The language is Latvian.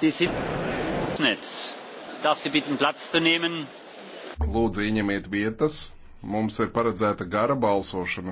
Die sind jetzt. Ich darf Sie bitten, Platz zu nehmen. Lūdzu, ieņemiet vietas. Mums ir paredzēta gara balsošana.